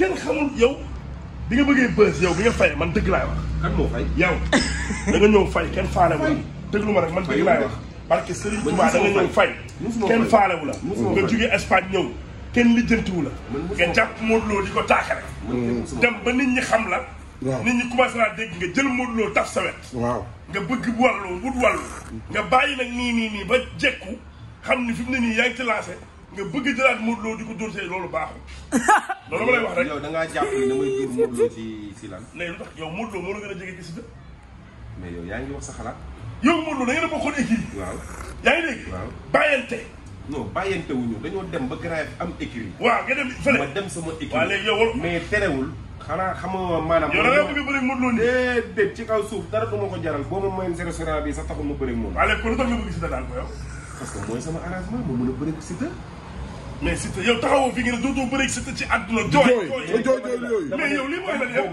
kenn xamul yow bi nga bëggee bës yow bi nga fay man dëgg laay wax. kan moo fay yow. da nga ñëw fay kenn faale wu la. déglu ma man dëgg laay wax. parce que Serigne Touba da nga ñëw fay. kenn faale wu la. kenn lijjantiwu la. nga jàpp Modou Lo di ko taakale. dem ba nit ñi xam la. nit ñi commencé naa dégg nga jël Modou Lo taf sa nga bëgg wàllu wut wàllu. nga bàyyi nag nii nii ba jekku xam ni fi mu ne nii yaa ngi nga bëgg jëlaat Modou Lo di ko dóor see lay wax rek yow da ngaa jàpp ni damay dóor Lo ci lan mais yow Lo la gën a ci Siteu mais yow yaa wax sa xalaat yow Lo da ngeen a bokkoon équipe waaw yaa dégg waaw bàyyante non wuñu dem ba am écurie waaw nga dem fële ma dem sama écurie waaw léegi yow mais yow da nga bëgg bëri Lo déedéet ci kaw suuf dara du ko jaral boo ma mayoon zéro sera bi sax taxul ma bëri moom waaw léegi kon lu nga bëgg Siteu ko yow parce que sama arrangement ma mën a bëri mais Siteu yow taxawoo fi nga ne dootoo bëri Siteu ci àdduna jooy jooy jooy mais yow la yow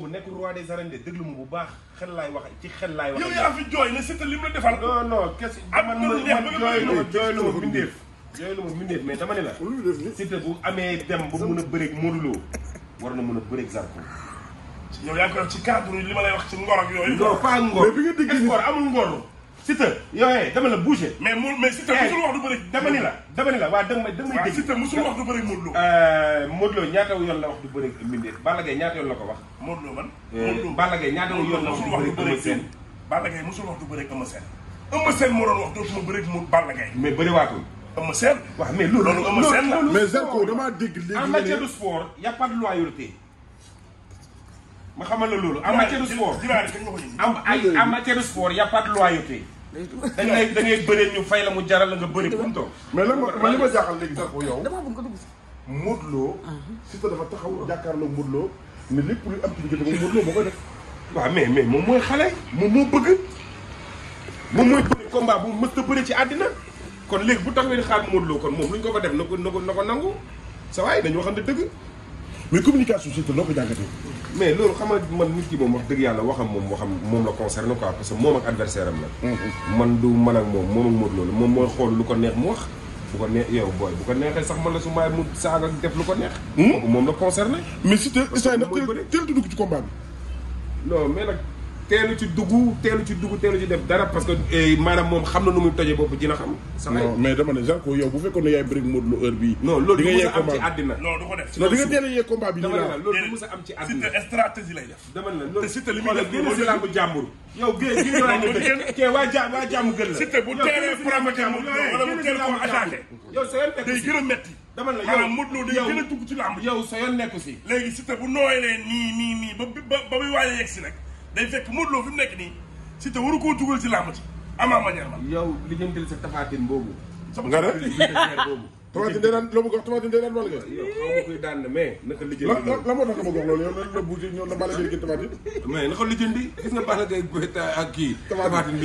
man nekkul roi des arènes de ma bu baax xel laay wax ci xel laay wax yow yaa fi jooy ne Siteu li mu la defal non non kese man jooy mais dama ni la Siteu bu amee dem ba mun a bëreeg Modou Lo war na mun a bëreeg Zarko yow yaa ngi koy wax ci cadre li ma lay wax ci ngor ak yooyu non pas ngor mais bi amul ngor Siteu yooyu eh, dama la bouger. mais moom mais Siteu eh, musul wax du bëri. dama ni la dama ni la waa dama dama. waaw Siteu musul wax du bëri Modou Lo. Euh, Modou Lo ñaata yoon la wax du bëri mbindeef Balla Gaye ñaata yoon la ko wax. Modou Lo man. Euh, Modou Lo Balla Gaye ñaata yoon la wax du bëri Eumeu Sène. Balla Gaye musul wax du bëri Eumeu Sène. Eumeu Sène moo doon wax dootuma bëri mu Balla Gaye. mais bëriwaatul. Eumeu Sène. waaw mais loolu loolu Eumeu Sène la. mais Zarko damaa dégg léegi. en matière de sport y a pas de loyauté ma xamal la loolu en matière de sport am ay en matière de sport y a pas de loyauté dañ lay da ngay bëre ñu fay la mu jaral la nga bëri punto mais la ma li ma jaaxal léegi sax yow dama bëgg nga dugg si Modou Lo ah. Siteu dafa taxaw jàkkaarloo Modou Lo mais lépp luy am ci diggante moom Modou Lo def waaw mais mais moom mooy xale moom moo bëgg moom mooy bëri combat bu mës a ci àddina kon léegi bu taxawee di xaar kon luñ ko fa def nangu sa waxante mais communication surtout noo ko jàngatee. mais loolu xam nga man nit ki moom wax dëgg yàlla waxam moom waxam moom la concerne quoi parce que moom ak adversaire am la. Mm-hmm. man du man ak moom moom ak Modou loolu moom mooy xool lu ko neex mu wax. bu ko neex yow booy bu ko neexee sax man la su maay mu saaga def lu ko neex. Hmm? moom la concerné. mais si te instant yii nag teel a dugg ci combat bi. mais nag. teelu ci dugg teelu ci dugg teelu ci def dara parce que eh, maanaam moom xam na lu muy tojee bopp dina xam. sama non mais dama ne Zarko yow bu fekkoon ne yaay bëri Modou Lo heure bii. non loolu du mës a am ci àddina. non du ko def non di nga teel a yee combat bi. dama ne la loolu du mës a am ci àddina te stratégie lay def. dama ne la loolu si laa a a dugg ci làmb yow si léegi Siteu bu nooy lee nii nii nii ba ba muy waaj a yegg si nag day fekk Modou Lo fi mu nekk nii Siteu waru koo dugal ci làmb ci ama manière man. yow li ngeen jël sa tafaatin boobu. sama nga def boobu. day daan loo bëgg a wax day daan Balla Gaye. yow la la la moo tax nga bëgg wax la buuti ñoom la Balla gis nga Balla Gaye ak kii. Tafatin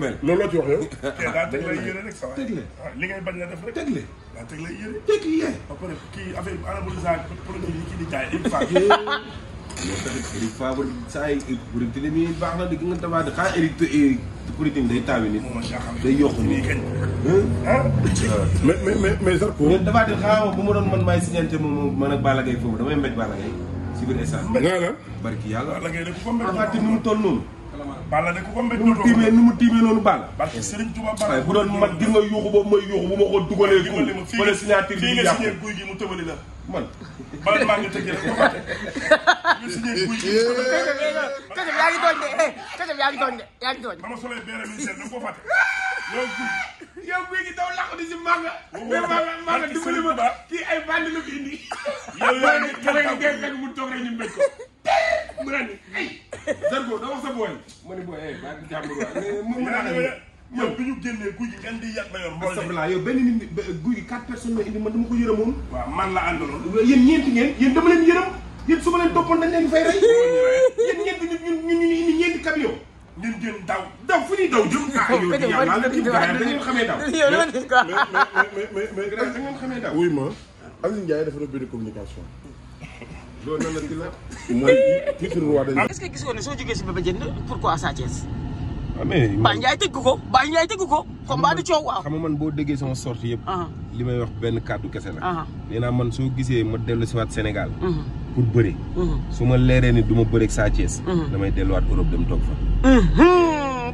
mel. loolu loo ci wax yow. tey teg lay yére rek sa waay teg le li ngay bañ teg le daa teg lay teg le ba mais tamit Eric Favre saa yi bu ma doon man maay signante moom man ak Balla mu toll noonu. Balla tiimee nu mu tiimee noonu Balla. que bu doon man gis nga yuuxu boobu may yuuxu bu ma ko dugalee. dimbali ma fii nga signature bi jàpp fii nga signé guy gi mu tëbali la man. bal maa ngi ñu signé buy bi. këjëf yaa ngi tooñ de këjëf yaa ngi tooñ de yaa ngi tooñ. ba ma solee beere mi seen da nga ko fàtte. yow guy yow guy gi daw làqu di si manga. mais manga manga dimbali ma kii ay bandi la fi indi. ñu mbéj ko. mu naan ay Zarko da wax sa booy. ma ne booy eh ba di jàmbur bi ñu génnee guy gi kenn di yàq na yoon. mboole astafurlah yow benn nit guy gi quatre man la àndaloon. yéen ñeenti ngeen yéen dama leen yërëm yéen su ma leen toppoon dañ leen fay rey. yéen ñeenti ñun ñun ñu indi ñeenti camion. ñun jën daw daw fu ñuy daw jëm. ah yow di yàlla la ci gars yi da ngeen xamee daw. yow la ci quoi mais mais mais mais. da ngeen xamee daw. wuy ma Aline Ndiaye dafa doon benn communication. loolu nan la ci la. mooy titre roi dañuy. est-ce que gis nga ne soo jógee si Bébé Diène pourquoi Sa Thiès. Ah, mais Ba Ndiaye tëgg ko Ba Ndiaye tëgg ko comme baa di coow waaw xam nga man boo déggee sama sortie yëpp ah. li may wax benn kàddu kese la ah. nee naa man soo gisee ma dellu si waat Sénégal mm-hmm. pour bëri. Mhm. su ma leeree ni du ma bëri ak mhm. damay delluwaat Europe dem toog fa. Mhm.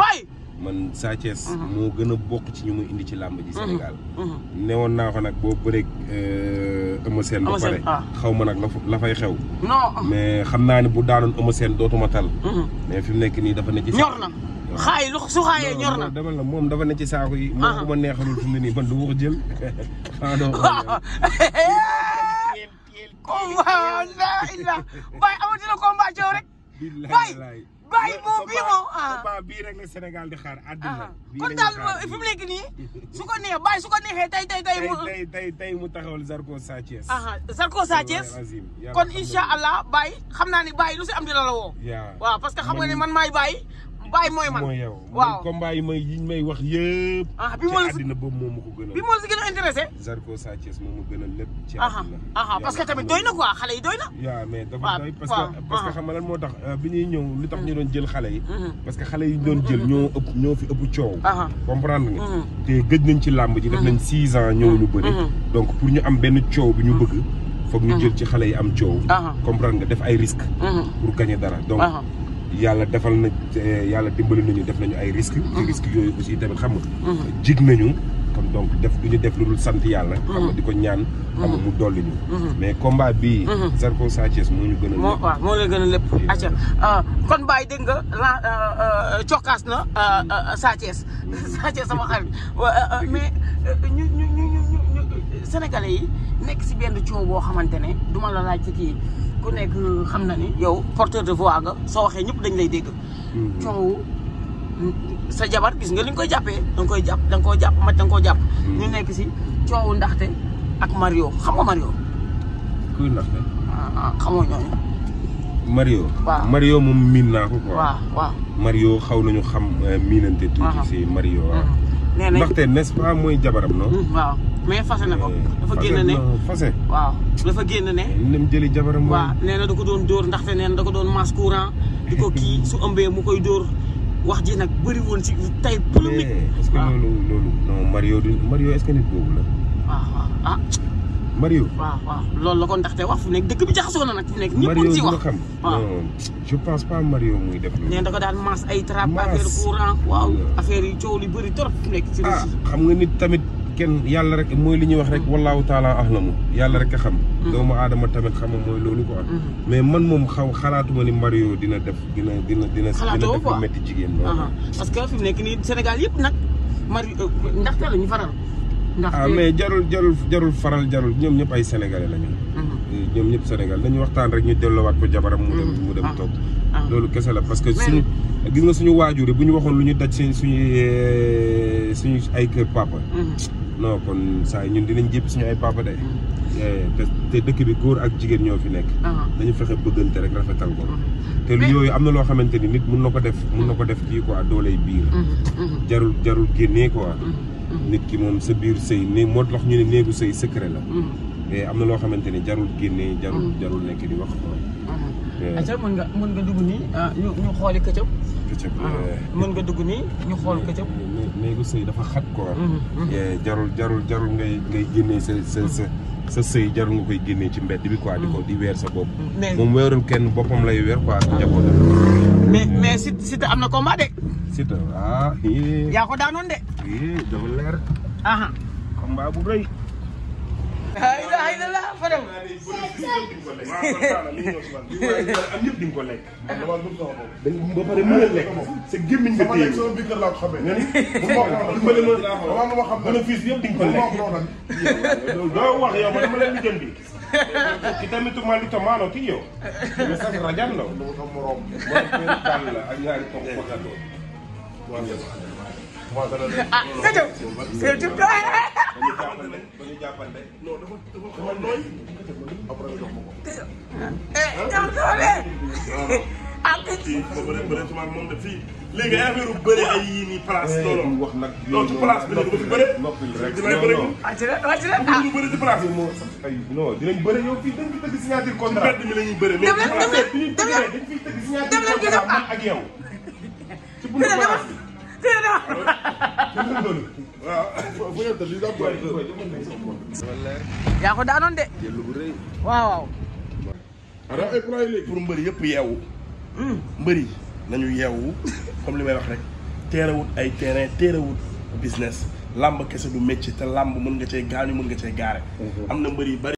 bay. man Sa Thiès. moo gën a bokk ci ñu ma indi ci làmb ji Sénégal. newoon naa ko nag boo bëreeg euh, Eumeu seen ba pare ah. xaw ma nag la fay xew. mais xam naa ne bu daanoon ama seen dootuma tal. mais fi mu nekk nii dafa ne ci. ñor na xaay su xaayee ñor na dama la moom dafa ne ci saako yi. moom ah. bu ma neexalul fi mu nii man du ma ko jël. combat la illah Baye amatina combat coow rek. billahi Baye Baye moom bii moom ah. combat bii rek la Sénégal di xaar àddina. Ah. kon daal fi mu nekk nii su ko neex Baye su ko neexee tey tey tey mu. tey tey tey mu taxawal Zarko Sathiès. Zarko Sathiès kon incha allah Baye xam naa ne Baye lu si am dina la woo. waaw parce que xam nga ne man maay Baye. bàyyi mooy man mooy yow waaw combat yi may may wax yëpp. ah bi ma boobu moom ma ko gënal. bi ma si gën a intéressé. Zarko Sa Thiès moom ma gënal ci àddina ah parce que tamit doy na quoi xale yi doy na. waaw mais dafa doy parce que parce moo tax euh, bi ñuy ñëw li tax ñu mm-hmm. doon jël xale yi. Mm-hmm. parce que xale yi doon jël mm-hmm. ñoo ëpp ñoo fi ëpp coow. comprendre nga. te gëj nañ ci làmb ji. def nañ six ans ñëw ñu bëri. donc pour ñu am benn coow bi ñu bëgg. foog ñu jël ci xale yi am coow. comprendre nga def ay risque pour gagner dara donc yàlla defal na yàlla dimbali nañu def nañu ay risques. ci mhm. risques yooyu aussi tamit xam nga. Mhm. jig nañu. kon donc def du ñu def lu dul sant yàlla. Mhm. xam nga di ko ñaan. xam nga mu dolli mais combat bi Zarko Sa moo ñu gën moo waaw moo lay gën a lépp. acca euh, kon Baye nga la euh, euh, cokkaas na Sa Sa sama xarit mais sénégalais yi nekk si benn coow boo xamante ne du ma la laaj ci kii ku nekk xam na ni yow porteur de voix nga soo waxee ñëpp dañ lay dégg. Mm-hmm. coow sa jabar gis nga li ñu koy jàppee da koy jàpp da koo jàpp mat da nga koo jàpp. Mm-hmm. ñu nekk si coowu ndaxte ak Mario xam nga Mario. kuy ndaxte. ah, ah xamoo ñooñu. Mario. Mario moom miin naa ko quoi. Mario xaw nañu xam euh, miinante. tuuti si ah, ah. Mario waaw. Mm-hmm. ndaxte nest pas mooy jabaram noonu. mais fasé nako eh, dafa génn ne fasé waaw dafa génn ne nim jëli jabaram waaw neena da ko doon dóor ndaxte neena da ko doon mu koy dóor wax ji nag bëri woon si tey polémique eh, est ce que loolu loolu mario du mario est ce que nit boobu la waaw ah mario waaw waaw loolu la je pense pas mario muy def loolu nee da ko daan masse ay trap affaire courant waaw affaire yi coow li bëri trop fu ci ah, kenn yàlla rek mooy li ñuy wax rek taalaa wallaahu taala ahlamu yàlla rek a xam. Mm-hmm. doomu aadama tamit xam mooy loolu quoi. Mm-hmm. mais man moom xaw xalaatuma ni Mario dina def dina dina dina. xalaatoo dina def métti jigéen uh-huh. parce que fi nekk nii Sénégal yëpp nag Mario euh, ndaxte faral. ndaxte ah, mais jarul jarul jarul faral jarul ñoom ñëpp ay sénégalais lañu. Mm-hmm. Euh, ñoom ñëpp Sénégal nañu waxtaan rek ñu delloowaat ko jabaram. mu dem mu dem toog. Ah, ah. loolu kese la parce que suñu gis nga suñu waajur bu ñu waxoon lu ñu daj seen suñu euh, suñu ay kër papa. non kon saa ñun dinañ jëpp suñu ay papa de. Eh, te dëkk bi góor ak jigéen ñoo fi nekk. dañu ah. fexe bëggante rek rafetal ko. Mm-hmm. te yooyu am na loo xamante ni nit mun na ko def mun na ko def kii quoi dooley biir. Mm-hmm. Mm-hmm. jarul jarul génnee quoi. nit ki moom sa biir sëy ne moo tax ñu ne néegu sëy secret la. mais eh, am na loo xamante ni jarul génnee. jarul jarul nekk di wax quoi. aca eh, mën nga mën nga dugg nii ñu eh, ñu xooli këcëb këcëb ah, eh. mën nga dugg nii ñu xool këcëb néegu sëy dafa xat quoi mhm, mhm. jarul jarul jarul ngay ngay génnee sa sa mhm. sa sa sëy jarul nga koy génnee ci mbedd bi quoi di di weer sa bopp moom weerul kenn boppam lay weer quoi njabootam mais mais si si te am na combat de si te ah yaa ko daanoon de dafa leer aha combat bu rëy fay na la fa dem. ñëpp di nga ko lekk. ba pare mën a lekk sa gémmiñ nga téye sama biir kër laa ko xamee. nga ni bu ma ko waxee lu ma xam bénéfice yëpp di nga ko lekk. doo wax yow ma dama leen di jëndi. ki tamit ma li tomaano ki yow. mais sax rajan la. dama ko morom. ak ñaari toog ah nga jëm. nga jëm de fii. léegi affaire yu bëri ay não, nii place não, wax nag não, ci place não, dinañ bëre. yaa ko daanoon de. waaw waaw. maanaam ay plan léegi pour mbëri yëpp yeewu. Hmm. mbëri nañu yeewu comme li may wax rek teerawut ay terrain teerawut business làmb kese du métier te làmb mën nga cee gaa gaañu mën nga cee gaare. Mhm. am na mbëri yu bari